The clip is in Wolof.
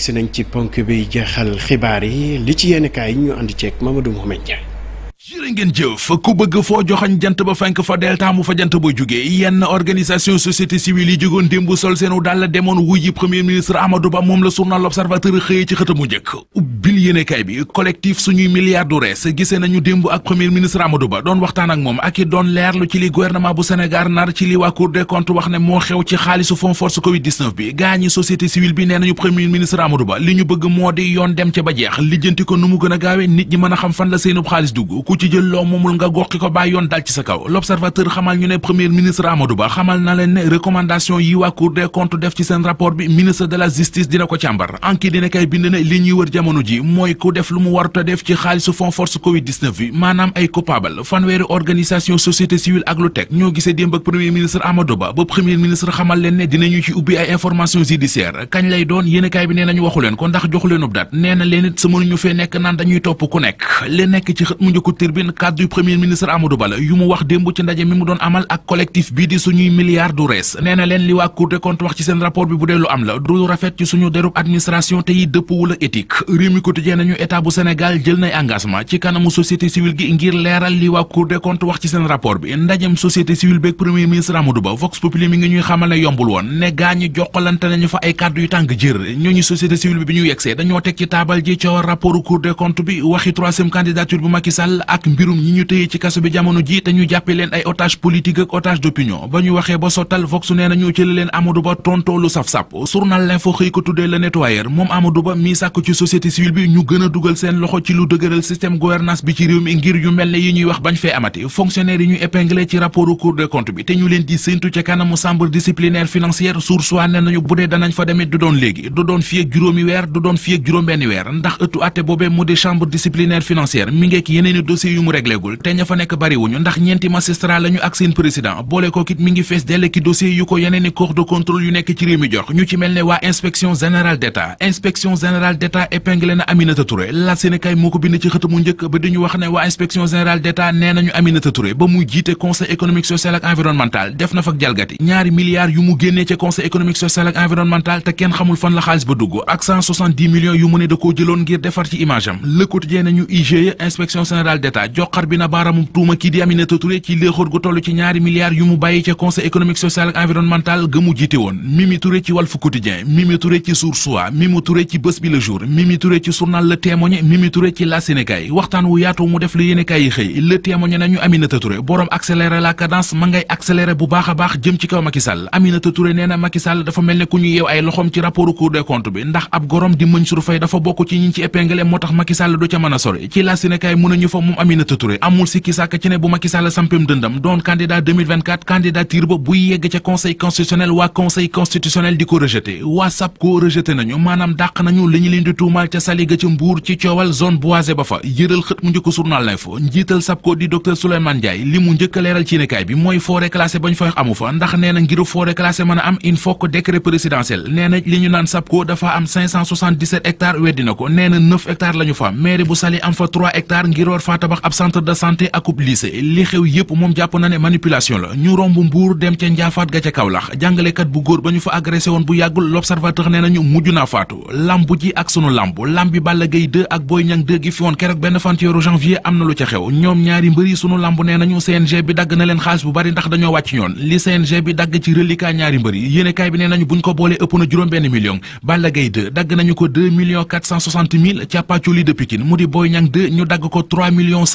si ci ponk yi li ci yenn ñu ànd ceeg Mamadou Mouhamed Ndiaye. jërë ngeen jëf ku bëgg foo joxañ jant ba fenk fa delta mu fa jant ba jugee yenn organisation société civile yi jógoon démb sol seenu dal demoon wuy premier ministre Amadou Ba moom la journal L'Observateur xëyee ci xëtamu njëkk yéenekaay collectif suñuy milliards du rees gisee nañu démb ak premier ministre Amadou Ba doon waxtaan ak moom ak it doon leerlu ci li gouvernement bu Sénégal nar ci li waa Cour des comptes wax ne moo xew ci xaalisu fond force Covid 19 bi gaa société civile bi nee nañu premier ministre Amadou Ba li ñu bëgg moo di yoon dem ca ba jeex lijjanti ko nu mu gën a nit ñi mën a xam fan la seenub xaalis dugg ku ci jël loo moomul nga goxi ko bàyyi yoon dal ci sa kaw mooy ku def lu mu warut def ci xaalisu fond force covid bi maanaam ay coupable fanweeri organisation société civile ak lu teg ñoo gisee démb ak premier ministre Amadou Ba ba premier ministre xamal leen ne dinañu ci ubbi ay information judiciaire kañ lay doon yéenekaay bi nee nañu waxu leen ko ndax joxu leenub dat nee leen it sa mënuñu fee nekk naan dañuy topp ku nekk li nekk ci xët mu njëkku kàddu premier ministre Amadou Ba la yu mu wax démb ci Quotidien nañu état bu Sénégal jël nay engagement ci kanamu société civile gi ngir leeral li waa Cour des comptes wax ci seen rapport bi ndajem société civile beeg premier ministre Amadou Ba Vox Populi mi ngi ñuy xamal ne yombul woon ne gaañu joxalante nañu fa ay kàddu yu tàng jër ñooñu société civile bi bi ñu yegsee dañoo teg ci taabal ji coow rapport Cour des comptes bi waxi troisième candidature bu Macky ak mbirum ñi ñu téye ci kaso bi jamono ji te ñu jàppe leen ay otage politique ak otage d'opinion ba ñu waxee ba sottal Vox ñu gën dugal seen loxo ci lu dëgëral système gouvernance bi ci réew mi ngir yu mel ne yi ñuy wax bañ fee amati fonctionnaire yi ñu épinglé ci rapportu Cour des comptes bi te ñu leen di séntu ca kanamu chambre disciplinaire financière source ne nañu bu dee danañ fa demit du doon léegi du doon fii juróomi weer du doon fii juróom benn weer ndax ëttu atte boobee mu di chambre disciplinaire financière mi yeneeni dossier yu mu réglégul te ña la Sénégal nañu Aminata da inspection générale ak environnemental ga mu jiite woon Mimi Touré ci Walf Quotidien Mimi Touré ci Source A Mimi Touré ci Bës Bi Le Jour Mimi Touré ci ma ngay accélérer bu baax baax jëm ci kaw Macky Sall Aminata Touré nee na dafa mel ne ku ñu yeew ay loxoom ci rapport Cour des comptes bi ndax ab gorom di Mansour Faye dafa bokk ci ñi ci épinglé moo tax Macky du ca mën a sori ci la Sénégal nañu fa moom Aminata Touré amul sikki sàkk ci ne bu Macky sampem dëndam doon candidat 2024 candidature ba buy yegg ca conseil constitutionnel waa conseil constitutionnel di ko rejeté waa SAP ko rejeté nekk mbuur ci coowal zone boisée ba fa yëral xët mu njëkk journal l'info njiital SAPCO di docteur Souleymane Ndiaye li mu njëkk leeral ci nekaay bi mooy forêt classée bañ fa amu fa ndax nee ko nee na 9 fa mairie bu Saly am fa 3 ngir war faa ab centre de santé akub lycée li xew yépp moom jàpp na ne manipulation la ñu romb mbuur dem ca njaafaat ga ca Kaolack jàngalekat bu góor ba ñu fa agressé woon bu yàggul l'observateur nee nañu Balla Gaye 2 ak Boy Niang 2 gi fi woon keroog benn fan ci weeru janvier am na lu ca xew ñoom ñaari mbër sunu lamb nee nañu CNG bi dagg na leen xaalis bu bari ndax dañoo wàcc ñoon li CNG bi dagg ci reliquat ñaari mbër yéenekaay bi nee nañu buñ ko boolee ëpp na juróom benn million Balla Gaye 2 dagg nañu ko 2 millions ca Pàcculi de Pikine mu di Boy Niang 2 ñu dagg ko 3 millions